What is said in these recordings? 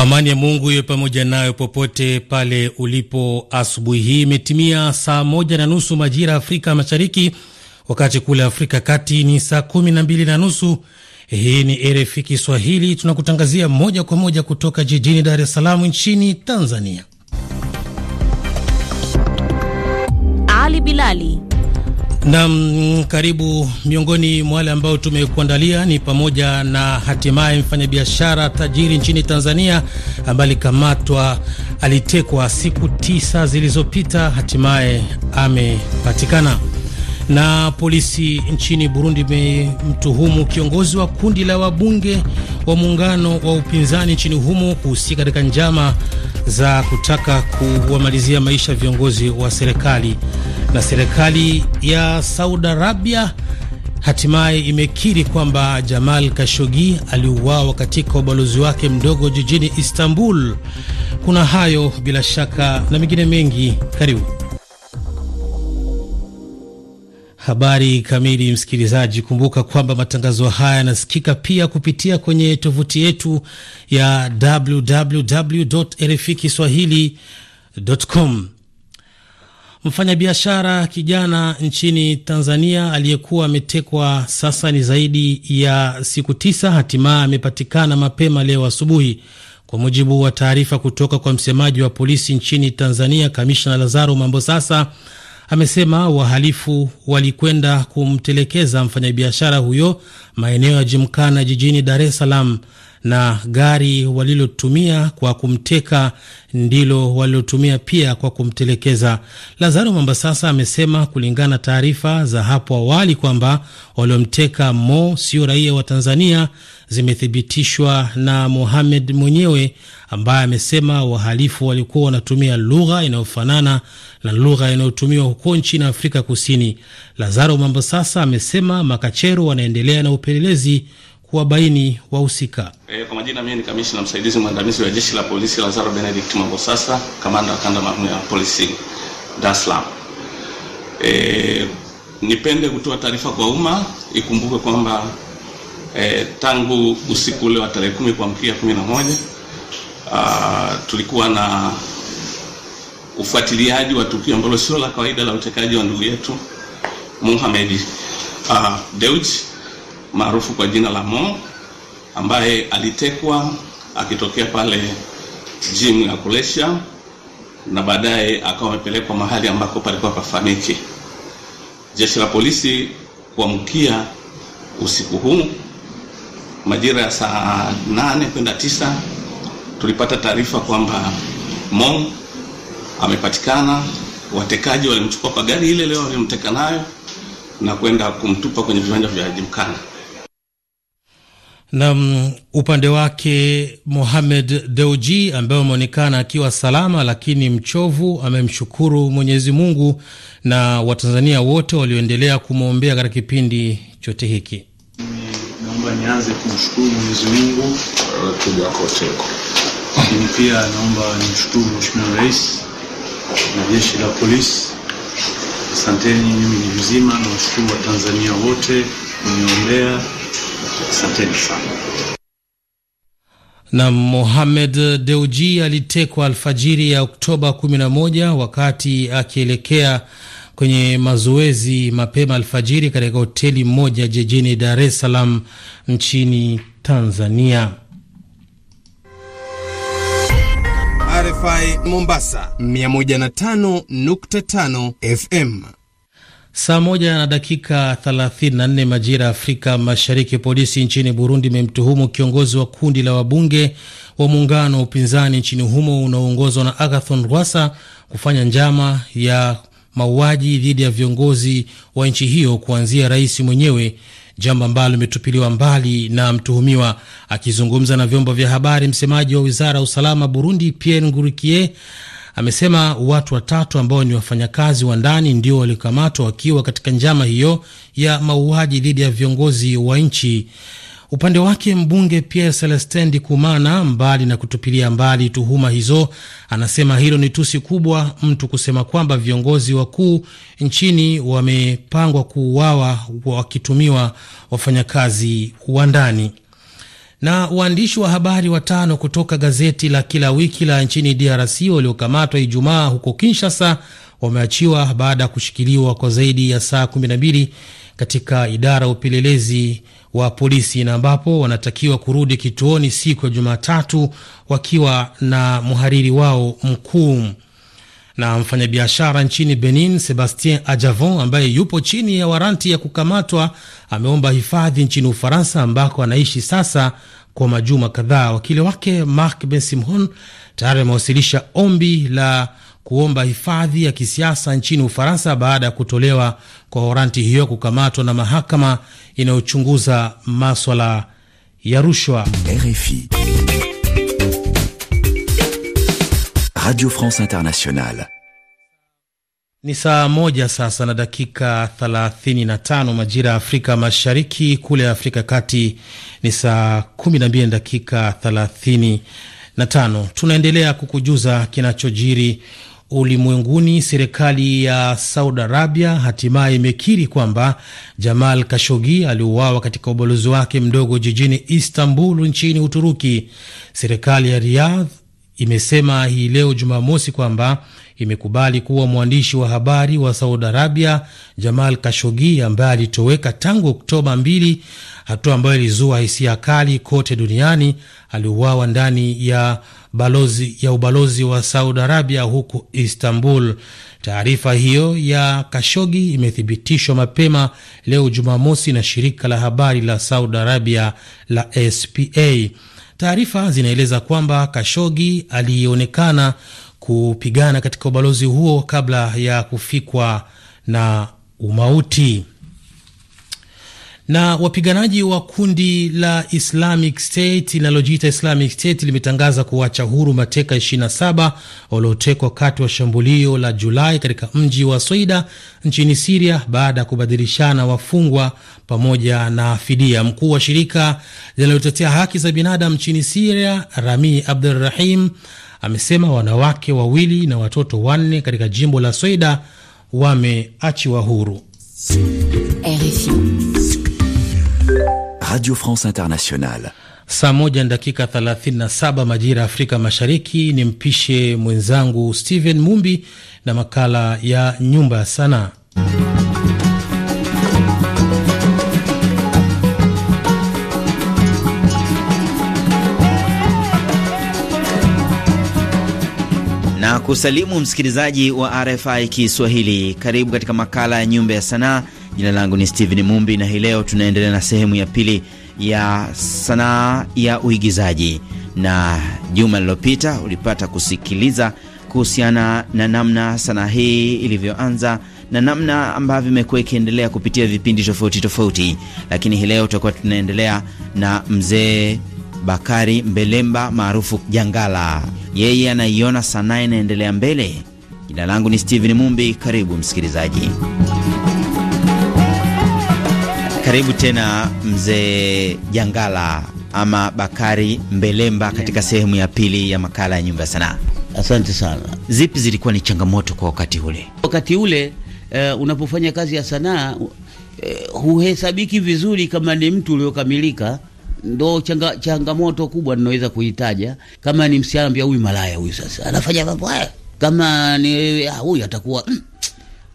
Amani ya Mungu iwe pamoja nayo popote pale ulipo. Asubuhi hii imetimia saa moja na nusu majira ya Afrika Mashariki, wakati kule Afrika Kati ni saa kumi na mbili na nusu. Hii ni RFI Kiswahili, tunakutangazia moja kwa moja kutoka jijini Dar es Salaam nchini Tanzania. Ali Bilali Nam, karibu. Miongoni mwa wale ambao tumekuandalia ni pamoja na hatimaye mfanyabiashara tajiri nchini Tanzania ambaye alikamatwa, alitekwa siku tisa zilizopita, hatimaye amepatikana. Na polisi nchini Burundi imemtuhumu kiongozi wa kundi la wabunge wa muungano wa upinzani nchini humo kuhusika katika njama za kutaka kuwamalizia maisha viongozi wa serikali. Na serikali ya Saudi Arabia hatimaye imekiri kwamba Jamal Khashoggi aliuawa katika ubalozi wake mdogo jijini Istanbul. Kuna hayo bila shaka na mengine mengi, karibu. Habari kamili, msikilizaji, kumbuka kwamba matangazo haya yanasikika pia kupitia kwenye tovuti yetu ya www.rfi kiswahili.com. Mfanyabiashara kijana nchini Tanzania aliyekuwa ametekwa sasa ni zaidi ya siku tisa, hatimaye amepatikana mapema leo asubuhi, kwa mujibu wa taarifa kutoka kwa msemaji wa polisi nchini Tanzania, Kamishna Lazaro Mambosasa amesema wahalifu walikwenda kumtelekeza mfanyabiashara huyo maeneo ya Jimkana jijini Dar es Salaam na gari walilotumia kwa kumteka ndilo walilotumia pia kwa kumtelekeza. Lazaro Mambasasa amesema kulingana na taarifa za hapo awali kwamba waliomteka Mo sio raia wa Tanzania zimethibitishwa na Mohamed mwenyewe ambaye amesema wahalifu walikuwa wanatumia lugha inayofanana na lugha inayotumiwa huko nchini Afrika Kusini. Lazaro Mambasasa amesema makachero wanaendelea na upelelezi kuwabaini wahusika. E, kwa majina mimi ni kamishna msaidizi mwandamizi wa jeshi la polisi Lazaro Benedict Mangosasa, kamanda wa kanda maalum ya polisi Dar es Salaam. E, nipende kutoa taarifa kwa umma. Ikumbuke kwamba e, tangu usiku ule wa tarehe kumi kuamkia kumi na moja tulikuwa na ufuatiliaji wa tukio ambalo sio la kawaida la utekaji wa ndugu yetu Mohamed Dewji maarufu kwa jina la Mo ambaye alitekwa akitokea pale gym ya Kulesha na baadaye akawa amepelekwa mahali ambako palikuwa pafaniki Jeshi la polisi kuamkia usiku huu majira ya saa nane kwenda tisa tulipata taarifa kwamba Mo amepatikana. Watekaji walimchukua kwa gari ile leo walimteka nayo na kwenda kumtupa kwenye viwanja vya Jimkana. Na mm, upande wake Mohamed Deuji ambaye ameonekana akiwa salama lakini mchovu, amemshukuru Mwenyezi Mungu na Watanzania wote walioendelea kumwombea katika kipindi chote hiki. Naomba nianze kumshukuru Mwenyezi Mungu koteko, lakini pia naomba nimshukuru Mheshimiwa Rais na jeshi la polisi. Asanteni, mimi ni mzima. Nawashukuru Watanzania wote kuniombea Asanteni sana. Na Mohamed Deuji alitekwa alfajiri ya Oktoba 11 wakati akielekea kwenye mazoezi mapema alfajiri katika hoteli moja jijini Dar es Salaam nchini Tanzania. RFI Mombasa 105.5 FM. Saa moja na dakika 34 majira ya Afrika Mashariki. Polisi nchini Burundi imemtuhumu kiongozi wa kundi la wabunge wa muungano wa upinzani nchini humo unaoongozwa na Agathon Rwasa kufanya njama ya mauaji dhidi ya viongozi wa nchi hiyo kuanzia rais mwenyewe, jambo ambalo limetupiliwa mbali na mtuhumiwa. Akizungumza na vyombo vya habari, msemaji wa wizara ya usalama Burundi Pierre Ngurikie amesema watu watatu ambao ni wafanyakazi wa ndani ndio waliokamatwa wakiwa katika njama hiyo ya mauaji dhidi ya viongozi wa nchi. Upande wake mbunge Pierre Celestin kumana mbali na kutupilia mbali tuhuma hizo, anasema hilo ni tusi kubwa, mtu kusema kwamba viongozi wakuu nchini wamepangwa kuuawa wakitumiwa wafanyakazi wa ndani. Na waandishi wa habari watano kutoka gazeti la kila wiki la nchini DRC waliokamatwa Ijumaa huko Kinshasa wameachiwa baada ya kushikiliwa kwa zaidi ya saa 12 katika idara ya upelelezi wa polisi na ambapo wanatakiwa kurudi kituoni siku ya Jumatatu wakiwa na mhariri wao mkuu na mfanyabiashara nchini Benin Sebastien Ajavon ambaye yupo chini ya waranti ya kukamatwa ameomba hifadhi nchini Ufaransa ambako anaishi sasa kwa majuma kadhaa. Wakili wake Marc Bensimhon tayari amewasilisha ombi la kuomba hifadhi ya kisiasa nchini Ufaransa baada ya kutolewa kwa waranti hiyo kukamatwa na mahakama inayochunguza maswala ya rushwa. RFI. Radio France Internationale. Ni saa moja sasa na dakika 35 majira ya Afrika Mashariki, kule Afrika Kati ni saa 12 na dakika 35. Tunaendelea kukujuza kinachojiri ulimwenguni. Serikali ya Saudi Arabia hatimaye imekiri kwamba Jamal Kashogi aliuawa katika ubalozi wake mdogo jijini Istanbul nchini Uturuki. Serikali ya Riyadh imesema hii leo Jumamosi kwamba imekubali kuwa mwandishi wa habari wa Saudi Arabia Jamal Kashogi ambaye alitoweka tangu Oktoba 2, hatua ambayo ilizua hisia kali kote duniani, aliuawa ndani ya balozi ya ubalozi wa Saudi Arabia huko Istanbul. Taarifa hiyo ya Kashogi imethibitishwa mapema leo Jumamosi na shirika la habari la Saudi Arabia la SPA. Taarifa zinaeleza kwamba Kashogi alionekana kupigana katika ubalozi huo kabla ya kufikwa na umauti. Na wapiganaji wa kundi la Islamic State linalojiita Islamic State limetangaza kuacha huru mateka 27 waliotekwa wakati wa shambulio la Julai katika mji wa Soida nchini Siria baada ya kubadilishana wafungwa pamoja na fidia. Mkuu wa shirika linalotetea haki za binadamu nchini Siria, Rami Abdurrahim, amesema wanawake wawili na watoto wanne katika jimbo la Soida wameachiwa huru RFI. Radio France Internationale. Saa moja na dakika 37 majira ya Afrika Mashariki. Ni mpishe mwenzangu Steven Mumbi na makala ya Nyumba ya Sanaa. na kusalimu msikilizaji wa RFI Kiswahili. Karibu katika makala ya Nyumba ya Sanaa Jina langu ni Steven Mumbi na hii leo tunaendelea na sehemu ya pili ya sanaa ya uigizaji, na juma lililopita ulipata kusikiliza kuhusiana na namna sanaa hii ilivyoanza na namna ambavyo imekuwa ikiendelea kupitia vipindi tofauti tofauti, lakini hii leo tutakuwa tunaendelea na mzee Bakari Mbelemba maarufu Jangala. Yeye anaiona sanaa inaendelea mbele. Jina langu ni Steven Mumbi, karibu msikilizaji. Karibu tena mzee Jangala ama Bakari Mbelemba katika sehemu ya pili ya makala ya nyumba ya sanaa. Asante sana. Zipi zilikuwa ni changamoto kwa wakati ule? Wakati ule uh, unapofanya kazi ya sanaa uh, huhesabiki vizuri kama ni mtu uliokamilika. Ndo changa, changamoto kubwa ninaweza kuitaja. Kama ni msichana, pia huyu malaya huyu, sasa anafanya mambo haya, kama ni ah, huyu atakuwa mm,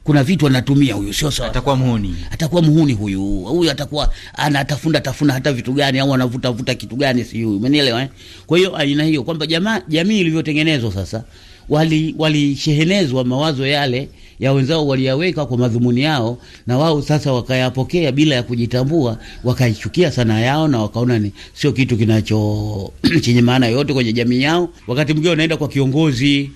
kuna vitu anatumia huyu, sio sawa. Atakuwa muhuni, atakuwa muhuni huyu, huyu atakuwa anatafunda tafuna hata vitu gani, au anavuta vuta kitu gani, si huyu, umenielewa eh? Kwa hiyo aina hiyo kwamba jamaa, jamii ilivyotengenezwa sasa, wali walishehenezwa mawazo yale ya wenzao, waliyaweka kwa madhumuni yao, na wao sasa wakayapokea bila ya kujitambua, wakaichukia sana yao, na wakaona ni sio kitu kinacho chenye maana yote kwenye jamii yao. Wakati mwingine wanaenda kwa kiongozi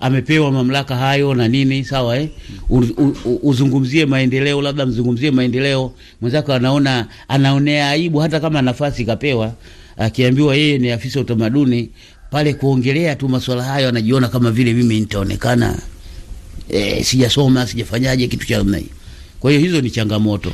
amepewa mamlaka hayo na nini, sawa eh? U, u, uzungumzie maendeleo, labda mzungumzie maendeleo. Mwenzako anaona anaonea aibu, hata kama nafasi kapewa, akiambiwa yeye ni afisa wa utamaduni pale, kuongelea tu masuala hayo anajiona kama vile mimi nitaonekana e, sijasoma sijafanyaje, kitu cha namna hiyo. Kwa hiyo hizo ni changamoto.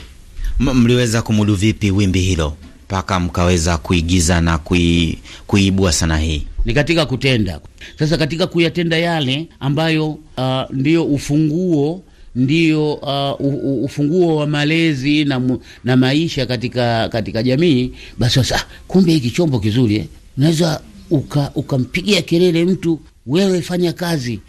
M mliweza kumudu vipi wimbi hilo mpaka mkaweza kuigiza na kui, kuibua sana hii? ni katika kutenda. Sasa katika kuyatenda yale ambayo uh, ndiyo ufunguo ndiyo uh, ufunguo wa malezi na, na maisha katika, katika jamii. Basi sasa, kumbe hiki chombo kizuri eh, unaweza ukampigia uka kelele mtu, wewe fanya kazi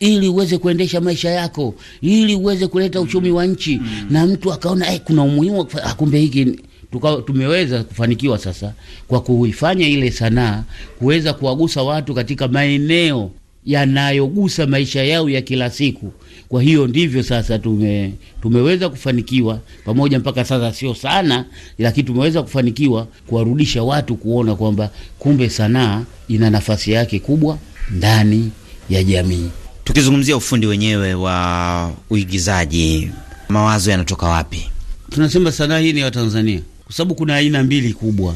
ili uweze kuendesha maisha yako, ili uweze kuleta uchumi wa nchi mm. na mtu akaona eh, kuna umuhimu, ah, kumbe hiki tuka, tumeweza kufanikiwa sasa kwa kuifanya ile sanaa kuweza kuwagusa watu katika maeneo yanayogusa maisha yao ya kila siku. Kwa hiyo ndivyo sasa tume, tumeweza kufanikiwa pamoja mpaka sasa, sio sana, lakini tumeweza kufanikiwa kuwarudisha watu kuona kwamba kumbe sanaa ina nafasi yake kubwa ndani ya jamii. Tukizungumzia ufundi wenyewe wa uigizaji, mawazo yanatoka wapi? Tunasema sanaa hii ni ya Tanzania kwa sababu kuna aina mbili kubwa.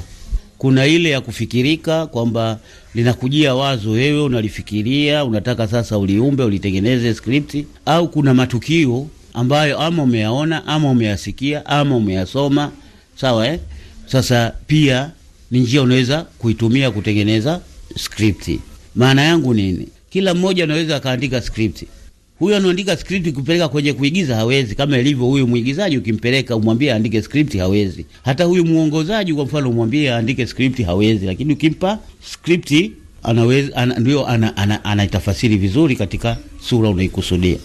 Kuna ile ya kufikirika kwamba linakujia wazo wewe unalifikiria, unataka sasa uliumbe, ulitengeneze skripti, au kuna matukio ambayo ama umeyaona ama umeyasikia ama umeyasoma, sawa eh? Sasa pia ni njia unaweza kuitumia kutengeneza skripti. Maana yangu nini? Kila mmoja anaweza akaandika skripti huyo anaandika script kupeleka kwenye kuigiza hawezi, kama ilivyo huyu mwigizaji ukimpeleka umwambie aandike script hawezi. Hata huyu muongozaji kwa mfano umwambie aandike script hawezi, lakini ukimpa script anaweza ana, ndio anaitafasiri ana, ana, ana vizuri katika sura unaikusudia.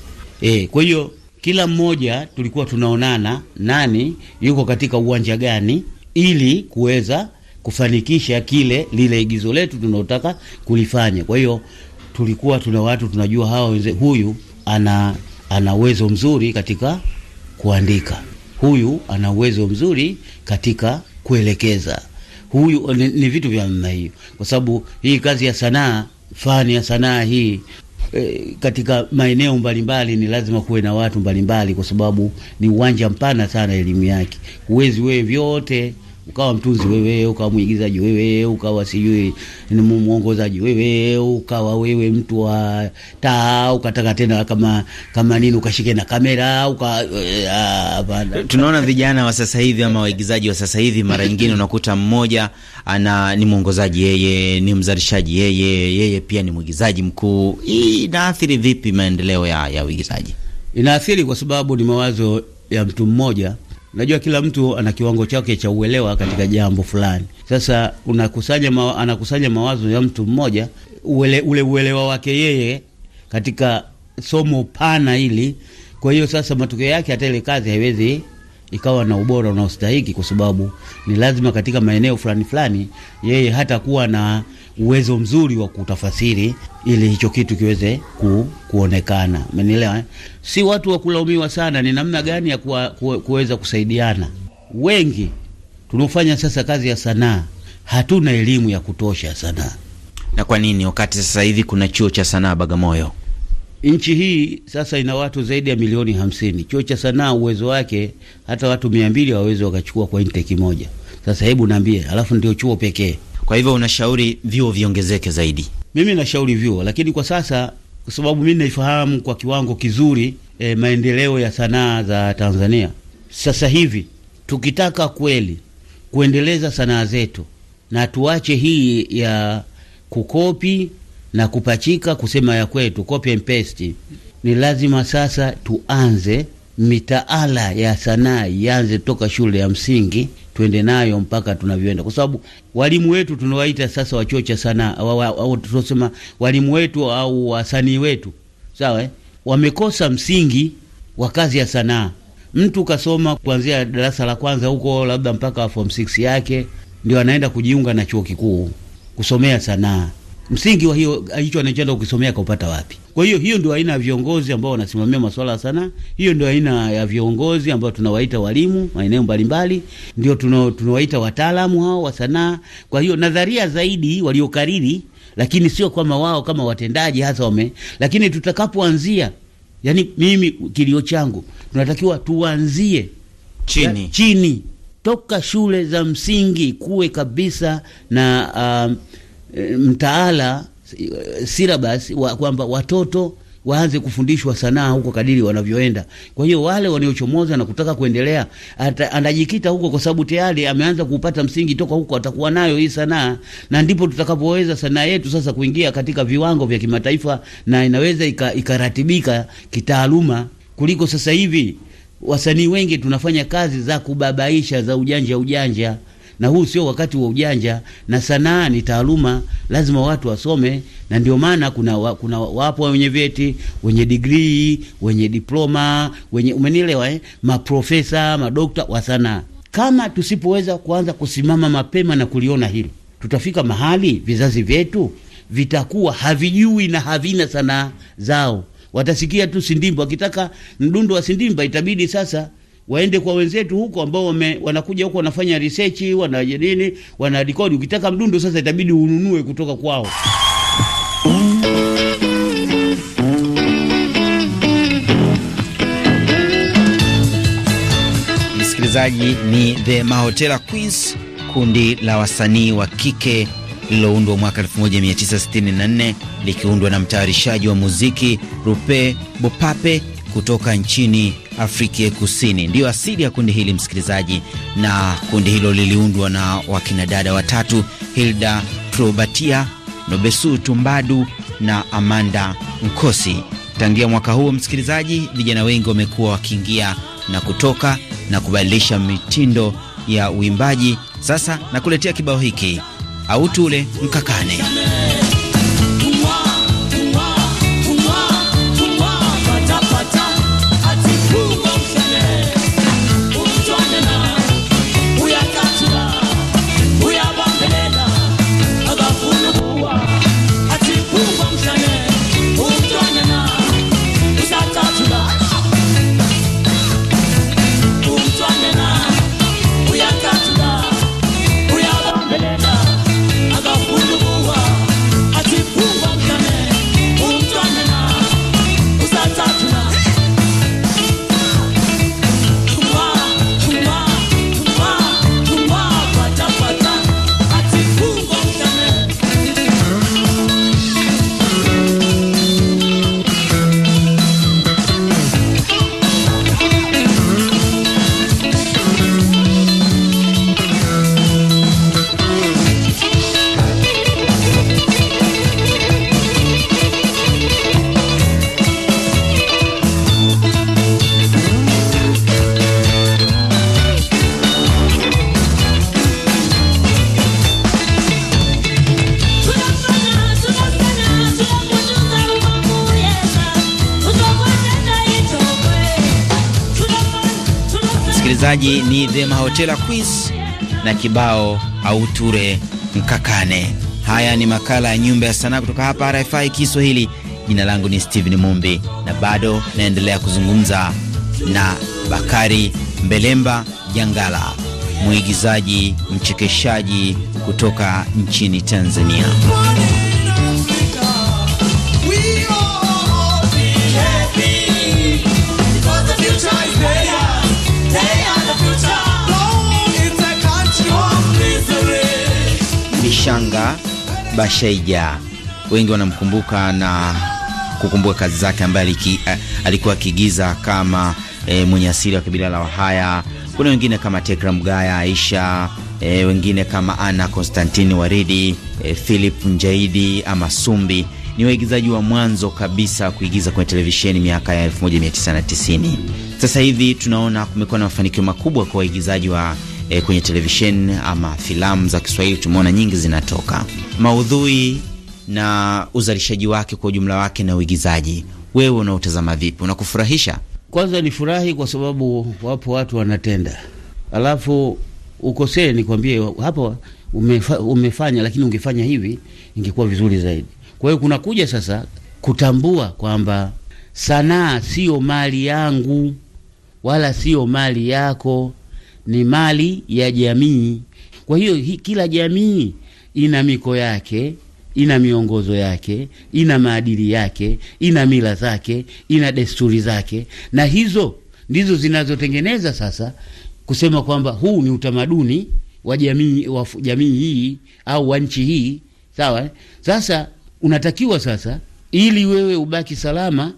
E, kwa hiyo kila mmoja tulikuwa tunaonana nani yuko katika uwanja gani, ili kuweza kufanikisha kile lile igizo letu tunaotaka kulifanya. Kwa hiyo tulikuwa tuna watu tunajua hawa wenze, huyu ana ana uwezo mzuri katika kuandika, huyu ana uwezo mzuri katika kuelekeza, huyu ni, ni vitu vya namna hiyo, kwa sababu hii kazi ya sanaa, fani ya sanaa hii E, katika maeneo mbalimbali ni lazima kuwe na watu mbalimbali, kwa sababu ni uwanja mpana sana elimu yake. Huwezi wewe vyote ukawa mtunzi wewe, ukawa mwigizaji wewe, ukawa sijui ni mwongozaji wewe, ukawa wewe mtu wa taa, ukataka tena kama kama nini, ukashike na kamera uka, uh, tunaona vijana wa sasa hivi ama waigizaji wa sasa hivi, mara nyingine unakuta mmoja ana ni mwongozaji yeye, ni mzalishaji yeye, yeye pia ni mwigizaji mkuu. Hii inaathiri vipi maendeleo ya ya uigizaji? Inaathiri kwa sababu ni mawazo ya mtu mmoja Najua kila mtu ana kiwango chake cha uelewa katika jambo fulani. Sasa unakusanya ma, anakusanya mawazo ya mtu mmoja, uele, ule uelewa wake yeye katika somo pana hili. Kwa hiyo sasa matokeo yake hata ile kazi haiwezi ikawa na ubora unaostahiki, kwa sababu ni lazima katika maeneo fulani fulani yeye hata kuwa na uwezo mzuri wa kutafasiri ili hicho kitu kiweze ku, kuonekana. Umenielewa eh? Si watu wa kulaumiwa sana, ni namna gani ya kuwa, kuweza kusaidiana. Wengi tunaofanya sasa kazi ya sanaa hatuna elimu ya kutosha sanaa. Na kwa nini, wakati sasa hivi kuna chuo cha sanaa Bagamoyo? Nchi hii sasa ina watu zaidi ya milioni hamsini. Chuo cha sanaa uwezo wake hata watu mia mbili wawezi wakachukua kwa intake moja. Sasa hebu niambie, alafu ndio chuo pekee kwa hivyo unashauri vyuo viongezeke zaidi? Mimi nashauri vyuo, lakini kwa sasa kwa sababu mimi naifahamu kwa kiwango kizuri e, maendeleo ya sanaa za Tanzania. Sasa hivi tukitaka kweli kuendeleza sanaa zetu na tuache hii ya kukopi na kupachika kusema ya kwetu copy and paste, ni lazima sasa tuanze mitaala ya sanaa ianze toka shule ya msingi tuende nayo mpaka tunavyoenda, kwa sababu walimu wetu tunawaita sasa wachuo cha sanaa au tunasema walimu wetu au wasanii wetu, sawa eh? Wamekosa msingi wa kazi ya sanaa. Mtu kasoma kuanzia darasa la kwanza huko labda mpaka form 6 yake, ndio anaenda kujiunga na chuo kikuu kusomea sanaa msingi wa hiyo hicho anachenda ukisomea kaupata wapi? Kwa hiyo hiyo ndio aina ya viongozi ambao wanasimamia masuala sana. Hiyo ndio aina ya viongozi ambao tunawaita walimu maeneo mbalimbali, ndio tunawaita wataalamu hao wa sanaa. Kwa hiyo nadharia zaidi waliokariri, lakini sio kwamba wao kama watendaji hasa wame, lakini tutakapoanzia, yani mimi kilio changu, tunatakiwa tuanzie chini ya, chini toka shule za msingi kuwe kabisa na uh, Eh, mtaala eh, silabasi wa, kwamba watoto waanze kufundishwa sanaa huko kadiri wanavyoenda. Kwa hiyo wale waliochomoza na kutaka kuendelea ata, anajikita huko kwa sababu tayari ameanza kupata msingi toka huko, atakuwa nayo hii sanaa, na ndipo tutakapoweza sanaa yetu sasa kuingia katika viwango vya kimataifa na inaweza ikaratibika ika kitaaluma kuliko sasa hivi wasanii wengi tunafanya kazi za kubabaisha za ujanja ujanja na huu sio wakati wa ujanja, na sanaa ni taaluma, lazima watu wasome, na ndio maana kuna, wa, kuna wapo wenye vyeti, wenye digrii, wenye diploma, wenye umenielewa eh? Maprofesa, madokta wa sanaa. Kama tusipoweza kuanza kusimama mapema na kuliona hilo, tutafika mahali vizazi vyetu vitakuwa havijui na havina sanaa zao. Watasikia tu sindimba, wakitaka mdundo wa sindimba itabidi sasa waende kwa wenzetu huko ambao wame, wanakuja huko wanafanya research wana nini wana record. Ukitaka mdundo sasa itabidi ununue kutoka kwao. Msikilizaji, ni The Mahotela Queens, kundi la wasanii wa kike lililoundwa mwaka 1964 likiundwa na mtayarishaji wa muziki Rupe Bopape kutoka nchini Afrika Kusini. Ndiyo asili ya kundi hili msikilizaji, na kundi hilo liliundwa na wakina dada watatu Hilda Probatia, Nobesu Tumbadu na Amanda Nkosi. Tangia mwaka huo msikilizaji, vijana wengi wamekuwa wakiingia na kutoka na kubadilisha mitindo ya uimbaji. Sasa nakuletea kibao hiki, Autu ule mkakane Chela Quiz na kibao auture mkakane. Haya ni makala ya Nyumba ya Sanaa kutoka hapa RFI Kiswahili. Jina langu ni Steven Mumbi na bado naendelea kuzungumza na Bakari Mbelemba Jangala, mwigizaji mchekeshaji kutoka nchini Tanzania. Mashanga Bashaija, wengi wanamkumbuka na kukumbuka kazi zake ambaye eh, alikuwa akiigiza kama e, mwenye asili wa kabila la Wahaya. Kuna wengine kama Tekra Mgaya, Aisha e, wengine kama Ana Konstantini Waridi, e, Philip Njaidi ama Sumbi ni waigizaji wa mwanzo kabisa kuigiza kwenye televisheni miaka ya 1990. Sasa hivi tunaona kumekuwa na mafanikio makubwa kwa waigizaji wa e, kwenye televisheni ama filamu za Kiswahili tumeona nyingi zinatoka. Maudhui na uzalishaji wake kwa ujumla wake na uigizaji, wewe unaotazama vipi? Unakufurahisha? Kwanza nifurahi kwa sababu wapo watu wanatenda, alafu ukosee, nikwambie hapo umefa, umefanya lakini ungefanya hivi ingekuwa vizuri zaidi. Kwa hiyo kunakuja sasa kutambua kwamba sanaa siyo mali yangu wala siyo mali yako, ni mali ya jamii. Kwa hiyo hi, kila jamii ina miko yake, ina miongozo yake, ina maadili yake, ina mila zake, ina desturi zake, na hizo ndizo zinazotengeneza sasa kusema kwamba huu ni utamaduni wa jamii wa jamii hii au wa nchi hii. Sawa, eh? sasa unatakiwa sasa, ili wewe ubaki salama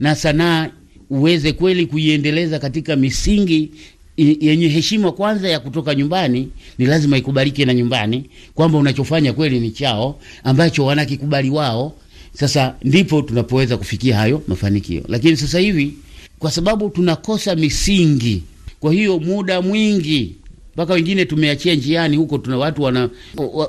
na sanaa uweze kweli kuiendeleza katika misingi yenye heshima kwanza ya kutoka nyumbani ni lazima ikubalike na nyumbani kwamba unachofanya kweli ni chao ambacho wanakikubali wao. Sasa ndipo tunapoweza kufikia hayo mafanikio, lakini sasa hivi kwa sababu tunakosa misingi, kwa hiyo muda mwingi mpaka wengine tumeachia njiani huko, tuna watu wana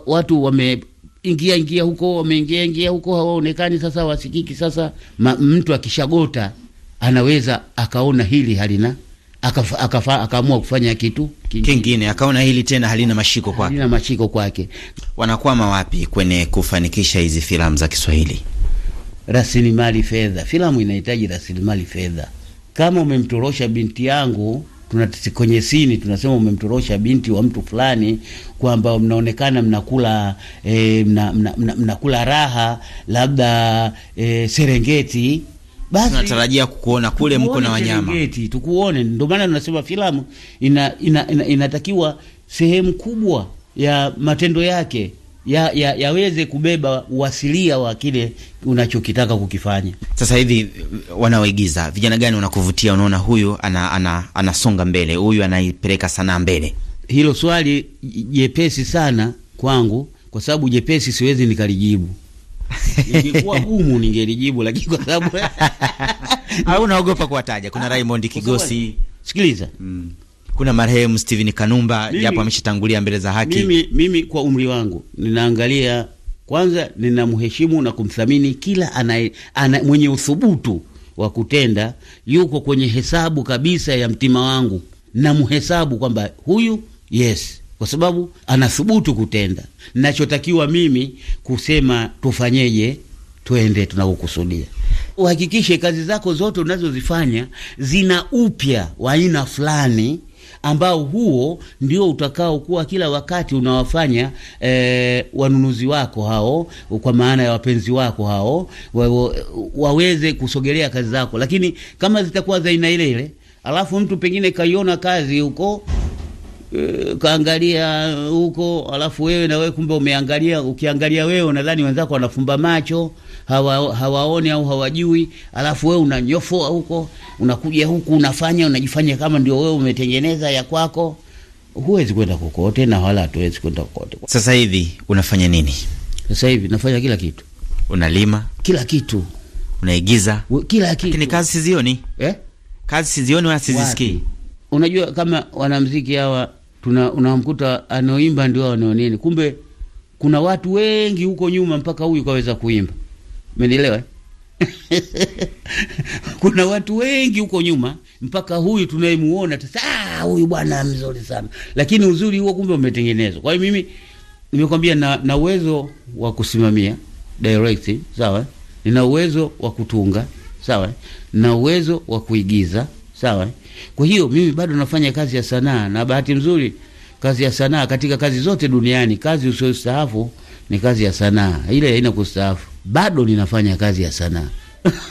watu wame ingia ingia huko wameingia ingia huko hawaonekani, sasa wasikiki. Sasa ma, mtu akishagota anaweza akaona hili halina akafa, akaamua kufanya kitu kingine, akaona hili tena halina mashiko kwake, halina mashiko kwake. Wanakwama wapi kwenye kufanikisha hizi filamu za Kiswahili? Rasilimali fedha. Filamu inahitaji rasilimali fedha. Kama umemtorosha binti yangu tuna kwenye sini tunasema umemtorosha binti wa mtu fulani, kwamba mnaonekana mnakula e, mna, mna, mna, mnakula raha labda e, Serengeti basi tunatarajia kukuona kule mko na wanyama tukuone. Ndio maana tunasema filamu ina, ina, ina, inatakiwa sehemu kubwa ya matendo yake ya yaweze ya kubeba uasilia wa kile unachokitaka kukifanya. Sasa hivi wanaoigiza vijana gani wanakuvutia? Unaona huyu ana, ana, anasonga mbele, huyu anaipeleka sanaa mbele. Hilo swali jepesi sana kwangu, kwa sababu jepesi siwezi nikalijibu Ingekuwa gumu ningelijibu, lakini kwa sababu au ah, naogopa kuwataja. Kuna ah, Raymond Kigosi, sikiliza mm. kuna marehemu Steven Kanumba, japo ameshatangulia mbele za haki. Mimi, mimi kwa umri wangu ninaangalia kwanza, ninamheshimu na kumthamini kila anaye ana, mwenye uthubutu wa kutenda, yuko kwenye hesabu kabisa ya mtima wangu, namhesabu kwamba huyu yes kwa sababu anathubutu kutenda. Nachotakiwa mimi kusema tufanyeje, tuende tunakokusudia. Uhakikishe kazi zako zote unazozifanya zina upya wa aina fulani ambao huo ndio utakaokuwa kila wakati unawafanya e, wanunuzi wako hao, kwa maana ya wapenzi wako hao wa, wa, waweze kusogelea kazi zako. Lakini kama zitakuwa za aina ile ile, alafu mtu pengine kaiona kazi huko Eh, kaangalia huko, alafu wewe na wewe kumbe umeangalia, ukiangalia wewe unadhani wenzako wanafumba macho hawa, hawaoni au hawajui, alafu wewe unanyofoa huko, unakuja huku unafanya unajifanya kama ndio wewe umetengeneza ya kwako. Huwezi kwenda kokote na wala hatuwezi kwenda kokote. Sasa hivi unafanya nini? Sasa hivi nafanya kila kitu, unalima kila kitu, unaigiza kila kitu, lakini kazi sizioni eh? kazi sizioni wala sizisikii. Unajua kama wanamuziki hawa tuna unamkuta anaoimba ndio anaonini kumbe kuna watu wengi huko nyuma mpaka huyu kaweza kuimba. Umenielewa? Eh? kuna watu wengi huko nyuma mpaka huyu tunayemuona sasa, huyu bwana mzuri sana, lakini uzuri huo kumbe umetengenezwa. Kwa hiyo mimi nimekwambia na, na uwezo wa kusimamia direct, sawa, nina uwezo wa kutunga, sawa, na uwezo wa kuigiza Sawa. Eh? Kwa hiyo mimi bado nafanya kazi ya sanaa, na bahati nzuri kazi ya sanaa, katika kazi zote duniani, kazi usiyostaafu ni kazi ya sanaa, ile haina kustaafu. Bado ninafanya kazi ya sanaa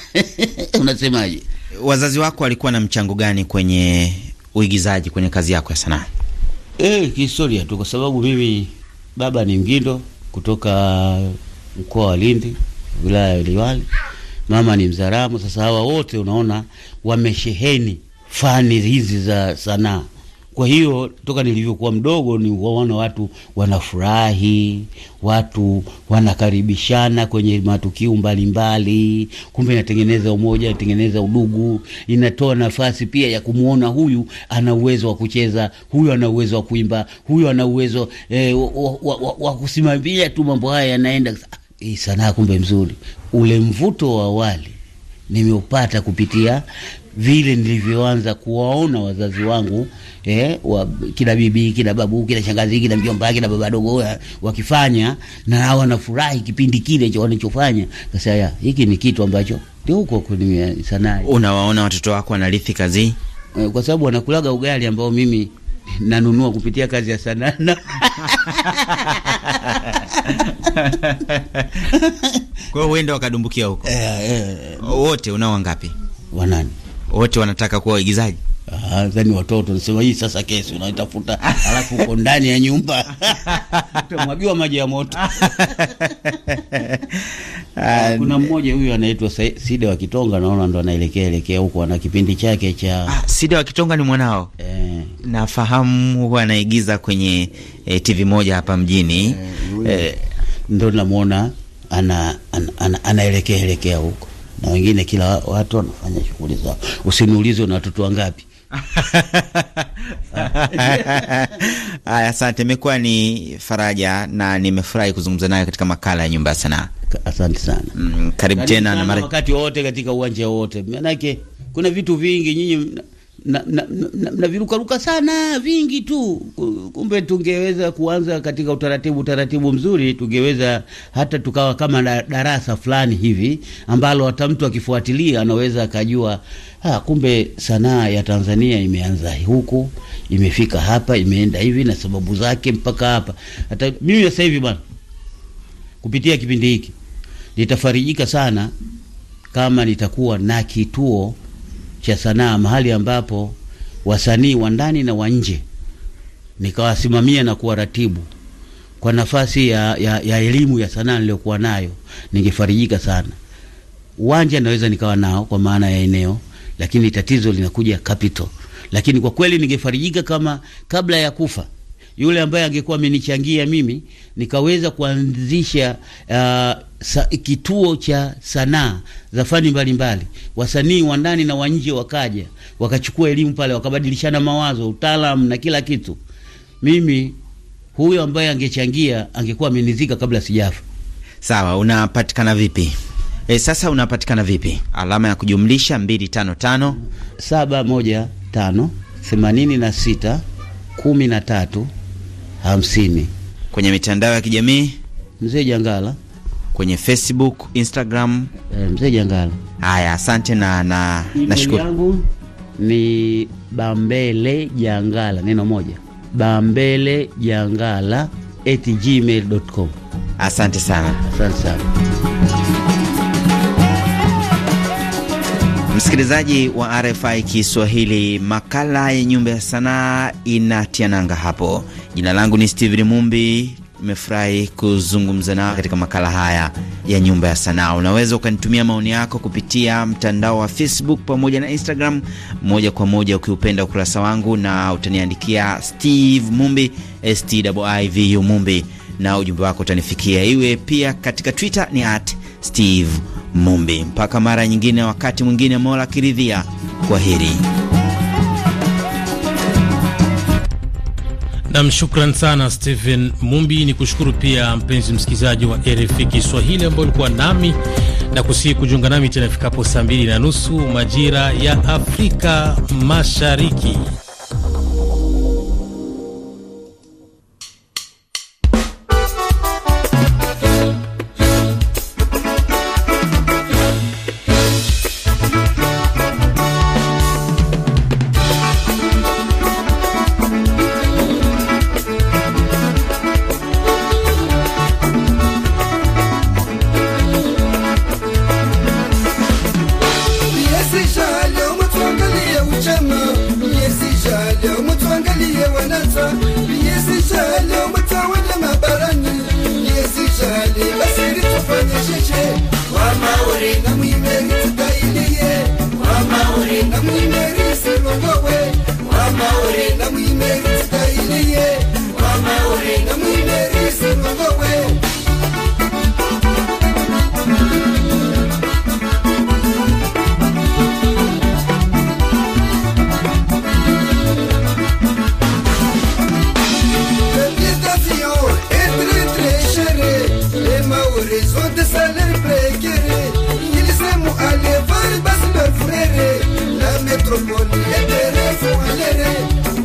unasemaje? Wazazi wako walikuwa na mchango gani kwenye uigizaji, kwenye kazi yako ya sanaa? Eh, kihistoria tu, kwa sababu mimi baba ni Mgindo kutoka mkoa wa Lindi, wilaya ya liwali mama ni Mzaramo. Sasa hawa wote unaona wamesheheni fani hizi za sanaa. Kwa hiyo toka nilivyokuwa mdogo ni waona watu wanafurahi, watu wanakaribishana kwenye matukio mbalimbali. Kumbe inatengeneza umoja, inatengeneza udugu, inatoa nafasi pia ya kumwona huyu ana uwezo wa kucheza, huyu ana uwezo wa kuimba, huyu ana uwezo eh, wa, wa, wa, wa kusimamia tu. Mambo haya yanaenda ah, hii sanaa kumbe mzuri ule mvuto wa awali nimeupata kupitia vile nilivyoanza kuwaona wazazi wangu eh, wa, kila bibi kila babu kila shangazi kila mjomba kila baba dogo eh, wakifanya na wanafurahi kipindi kile wanachofanya. Sasa ya hiki ni kitu ambacho ndio huko kwenye sanaa. Unawaona watoto wako wanarithi kazi, eh, kwa sababu wanakulaga ugali ambao mimi nanunua kupitia kazi ya sanaa kwa hiyo huenda wakadumbukia huko. Eh, eh, wote unao wangapi? Wanani? Wote wanataka kuwa waigizaji? zani watoto nasema hii sasa kesi unaitafuta, alafu uko ndani ya nyumba utamwagiwa maji ya moto. Ah, ah, kuna eh, mmoja huyu anaitwa Sida wa Kitonga, naona ndo anaelekea elekea huko, ana kipindi chake cha ah, Sida wa Kitonga ni mwanao eh. Nafahamu huwa anaigiza kwenye eh, TV moja hapa mjini eh, eh, ndo namwona ana, ana, ana, anaelekea elekea huko, na wengine kila watu wanafanya shughuli zao. Usiniulize una watoto wangapi Aya, asante. Imekuwa ni faraja na nimefurahi kuzungumza nayo katika makala ya Nyumba ya Sanaa. Asante sana. Mm, karibu tena na wakati wote katika uwanja wote, manake kuna vitu vingi nyinyi mnavirukaruka sana vingi tu. Kumbe tungeweza kuanza katika utaratibu utaratibu mzuri, tungeweza hata tukawa kama darasa fulani hivi ambalo hata mtu akifuatilia anaweza akajua, ha, ah, kumbe sanaa ya Tanzania imeanza huku imefika hapa imeenda hivi na sababu zake mpaka hapa. Hata mimi sasa hivi bwana, kupitia kipindi hiki nitafarijika sana kama nitakuwa na kituo cha sanaa, mahali ambapo wasanii wa ndani na wa nje nikawasimamia na kuwaratibu kwa nafasi ya, ya, ya elimu ya sanaa niliyokuwa nayo, ningefarijika sana. Uwanja naweza nikawa nao kwa maana ya eneo, lakini tatizo linakuja capital. Lakini kwa kweli ningefarijika kama kabla ya kufa yule ambaye angekuwa amenichangia mimi nikaweza kuanzisha uh, sa, kituo cha sanaa za fani mbalimbali, wasanii wa ndani na wa nje wakaja wakachukua elimu pale, wakabadilishana mawazo, utaalamu na kila kitu. Mimi huyo ambaye angechangia angekuwa amenizika kabla sijafa. Sawa, unapatikana vipi? E, sasa unapatikana vipi? Alama ya kujumlisha 255 715 86 13 hamsini kwenye mitandao ya kijamii Mzee Jangala kwenye Facebook, Instagram e, Mzee Jangala. Haya, asante na na nashukuru. yangu ni Bambele Jangala, neno moja, Bambele Jangala at gmail.com. Asante sana, asante sana msikilizaji wa RFI Kiswahili. Makala ya Nyumba ya Sanaa inatiananga hapo. Jina langu ni Steven Mumbi. Nimefurahi kuzungumza nao katika makala haya ya Nyumba ya Sanaa. Unaweza ukanitumia maoni yako kupitia mtandao wa Facebook pamoja na Instagram, moja kwa moja ukiupenda ukurasa wangu, na utaniandikia Steve Mumbi, Stivu Mumbi, na ujumbe wako utanifikia. Iwe pia katika Twitter ni at Steve Mumbi. Mpaka mara nyingine, wakati mwingine, Mola akiridhia, kwaheri. Nam, shukran sana Stephen Mumbi. Ni kushukuru pia mpenzi msikilizaji wa RFI Kiswahili ambao ulikuwa nami na kusihi kujiunga nami tena ifikapo saa mbili na nusu majira ya Afrika Mashariki. Wama uringamu mikrofoni epereza mwanyere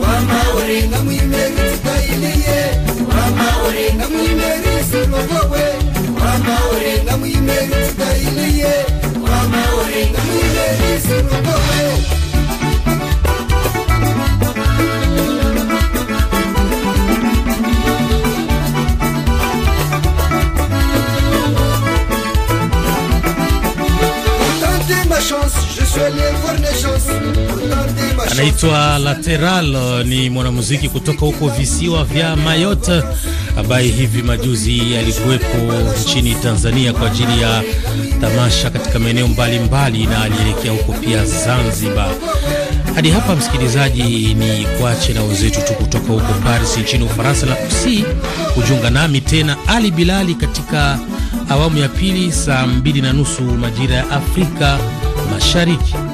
wama urenga mwimerizi bayiliye wama urenga mwimerizi logowe wama urenga mwimerizi anaitwa Lateral, ni mwanamuziki kutoka huko visiwa vya Mayotte ambaye hivi majuzi alikuwepo nchini Tanzania kwa ajili ya tamasha katika maeneo mbalimbali na alielekea huko pia Zanzibar. Hadi hapa msikilizaji, ni kuache na wenzetu tu kutoka huko Paris nchini Ufaransa, na kusi kujiunga nami tena Ali Bilali katika awamu ya pili saa mbili na nusu majira ya Afrika Mashariki.